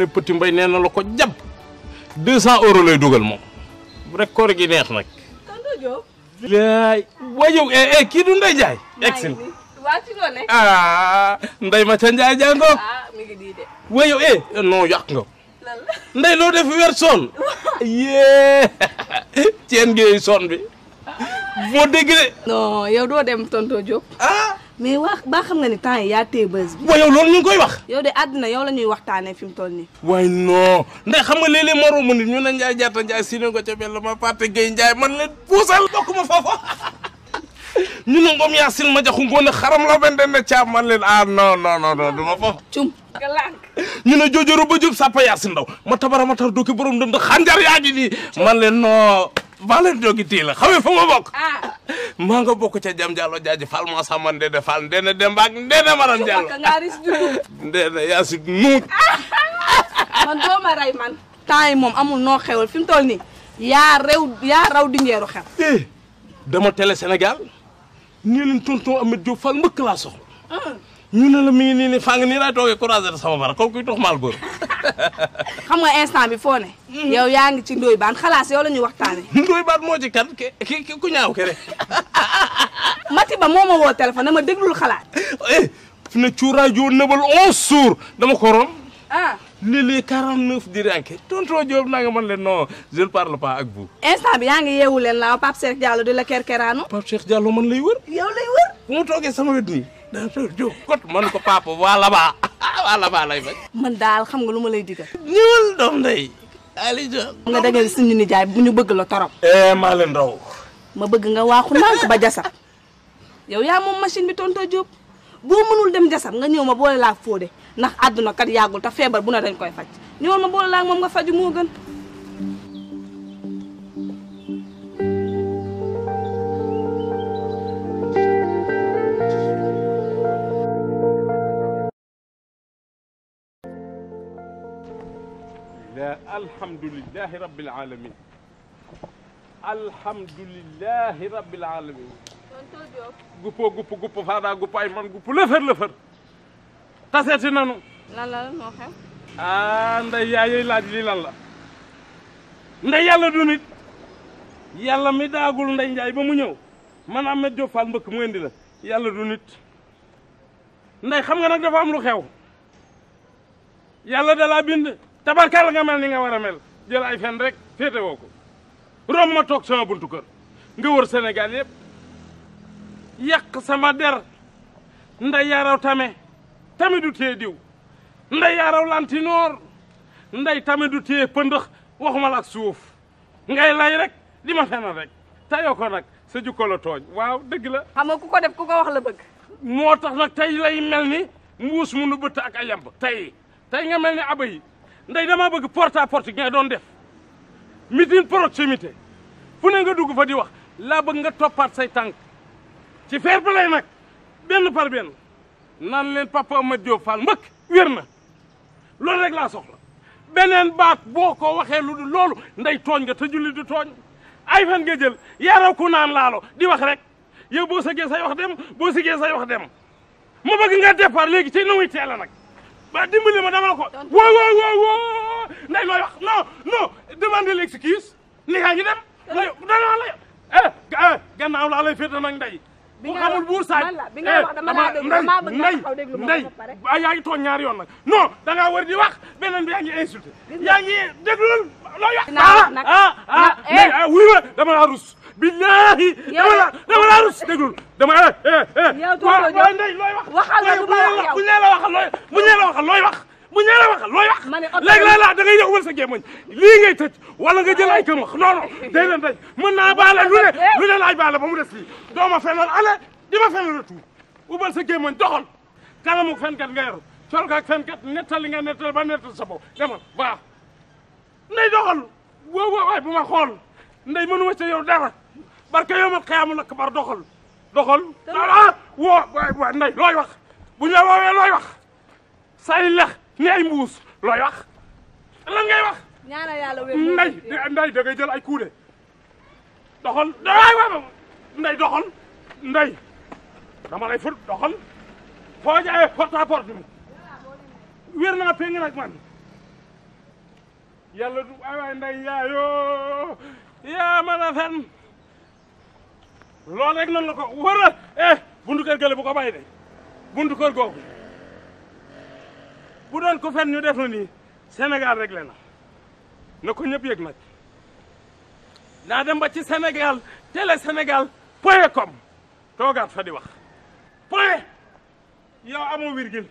ne Petit Mbay nee na la ko jàpp deux cent euros lay dugal moom rek koor gi neex nag. laay wañu eh eh kii du Ndeye Ndiaye. egsi ah ma ca Ndiaye jàngoo. Ah, wañu eh non yàq nga. Ndeye loo def weer sonn. yee ceen gi son bi boo ah. dégg de. non yow doo dem tonto Diop. Ah. mais wax ba xam nga ni temps yi yaa téye bës bi. waaw yow loolu ñu ngi koy wax. yow de àddina yow la ñuy waxtaanee fi mu toll nii. waaye non ndax xam nga léeg-léeg moromu nit ñu ne Ndiaye jaata Ndiaye si ne ko ca bell ma Pate Gueye Ndiaye man leen puusal bokk ma foofa ñu ne ngoom yaa sin ma jaxu ngoon a xaram la benn den caab man leen ah non non non non du ma foofa. cum galank ba jub sàppa yaa ndaw ma tabara ma tar dooki borom dënd xanjar yaa ngi nii maa leen dogi tii la fu ma bokk ah. maa nga bokk ca jam jàllo jaaji fal ma sama ndede fal ndene dembaak ndene maram jàllo ndene yaa si nuuj ah. man doo ma man temps yi moom amul noo xewal fi mu toll nii yaa rew yaa raw di ngeeru xel eh, dama télé Sénégal nii leen tonton Ameth Diop Fall mbëkk laa soxla ah. ñu ne la mi ngi nii ni faa ngi nii laay toogee croisé sama bara comme kuy tox maal góor xam nga instant bi foo ne. Mhm. yaa ngi ci Ndoye Bane xalaas yow la ñuy waxtaanee. Ndoye Bane moo ci kan ke ki ku ñaaw ke Mati ba moo ma woo téléphone dama déglul xalaat. eh fi ne cuuraay ju nëbal onze dama ko rom. ah léeg-léeg 49 di rànke tonton Diop naa nga mën leen non je ne parle pas ak vous. instant bi yaa ngi yeewu leen laaw Pape Cheikh Diallo di la kerkeraanu. Pape Cheikh Diallo man lay wër. yow lay wër. bu ma toogee sama wet nii. daa toog Diop kot man ko papa walla baa lay bañ. man daal xam nga lu ma lay digal. ñëwal doom ndey. Aliou Diop. nga dajale suñu nijaay bu ñu bëgg la torop. Eh, maa leen ma bëgg nga waaxu nànk ba jasab yow yaa moom machine bi tonto Diop boo mënul dem jasab nga ñëw ma boole laa foo de ndax àdduna kat yàggul te feebar bu ne dañ koy faj ñëwal ma boole laa moom nga faju moo la alhamdulillahi rabbil alamin alhamdulillahi rabbil alamin guppo gupp gupp faada gupp ay man gupp lëfër lëfër taseeti nanu lan la moo xew ah nday yaay laaj lii lan la nday yàlla du nit yàlla mi daagul nday njaay ba mu ñëw man Ahmed Diop Fall mbëkk mu indi la yàlla du nday xam nga nag dafa am lu xew yàlla dalaa bind tabarkaal nga mel ni nga war a mel jël ay fen rek féete woo ko rom ma toog sama buntu kër nga wër Sénégal yëpp yàq sama der nda yaaraw tame tame du tee diw nda yaaraw lantinoor nday tame du tee pëndëx waxuma la ak suuf ngay lay rek li ma fenal rek tayo ko nag sa jukko tooñ waaw dëgg la xam ku ko def ku ko wax la bëgg moo tax nag tey lay mel ni mbuus munu bëtt ak a yamb tey tey nga mel ni aba ndey damaa bëgg porte à porte ngay doon def meeting proximité fu ne nga dugg fa di wax laa bëgg nga toppaat say tànk ci fair play nag benn par benn naan leen papa Amady Diop Fall mbëkk wér na loolu rek la soxla beneen baat boo ko waxee lu loolu ndey tooñ nga te julli du tooñ ay fan nga jël yaaraw naan laalo di wax rek yow boo sëggee say wax dem boo sëggee say wax dem ma bëgg nga départ léegi ci nu muy teel a nag ba dimbali ma dama la ko. tontu woo woo woo woo Ndeye looy wax non non demande l'excuse ni yaa ngi dem. dëgg la dama la eh, eh gannaaw laa lay féetee nag Ndeye. bi bi nga wax dama laa eh, déglu dama bëgg nga xaw déglu ma ko yaa ngi toog ñaari yoon nag non da ngaa war di wax beneen bi yaa ngi insulté. yaa ngi déglul looy wax. Ah, ah ah eh. ah Ndeye dama laa rus. billahi dama la dama la rus déglul dama la eh, eh. yow tooy wax ma wax yow buñ la waxal looy buñ la waxal looy wax looy wax léegi laa la da ngay yëg wal sa gémmañ lii ngay tëj wala nga jël ay kan wax non day leen day mën naa baale lu ne eh. lu ne laaj baale ba mu des lii doo ma fenal ale di ma fenal retour ubal sa gémmañ doxal kanamu fenkat nga yor col kaak fenkat nettali nga nettal ba nettal sa bopp demal baax ndey doxal woo woo waay bu ma xool ndey mënu ma ca dara barke yowmal xiyaamul akbar doxal doxal ah woo waay nday bu ñu looy wax say lex ni ay mbuus looy wax lan wax ñaanal yàlla wér jël ay kuude doxal waay waay nday doxal nday dama lay fut doxal foo jaayee porte à porte mu wér man yàlla du ay waay nday yaayoo yaa mën a loolu rek nan la ko war a eh buntu bu ko bàyyi de doon ko fen ñu def na nii Sénégal réglé na na ko ñëpp naa dem ba ci Sénégal télé Sénégal point com toogaat fa di wax point yow amoo virgule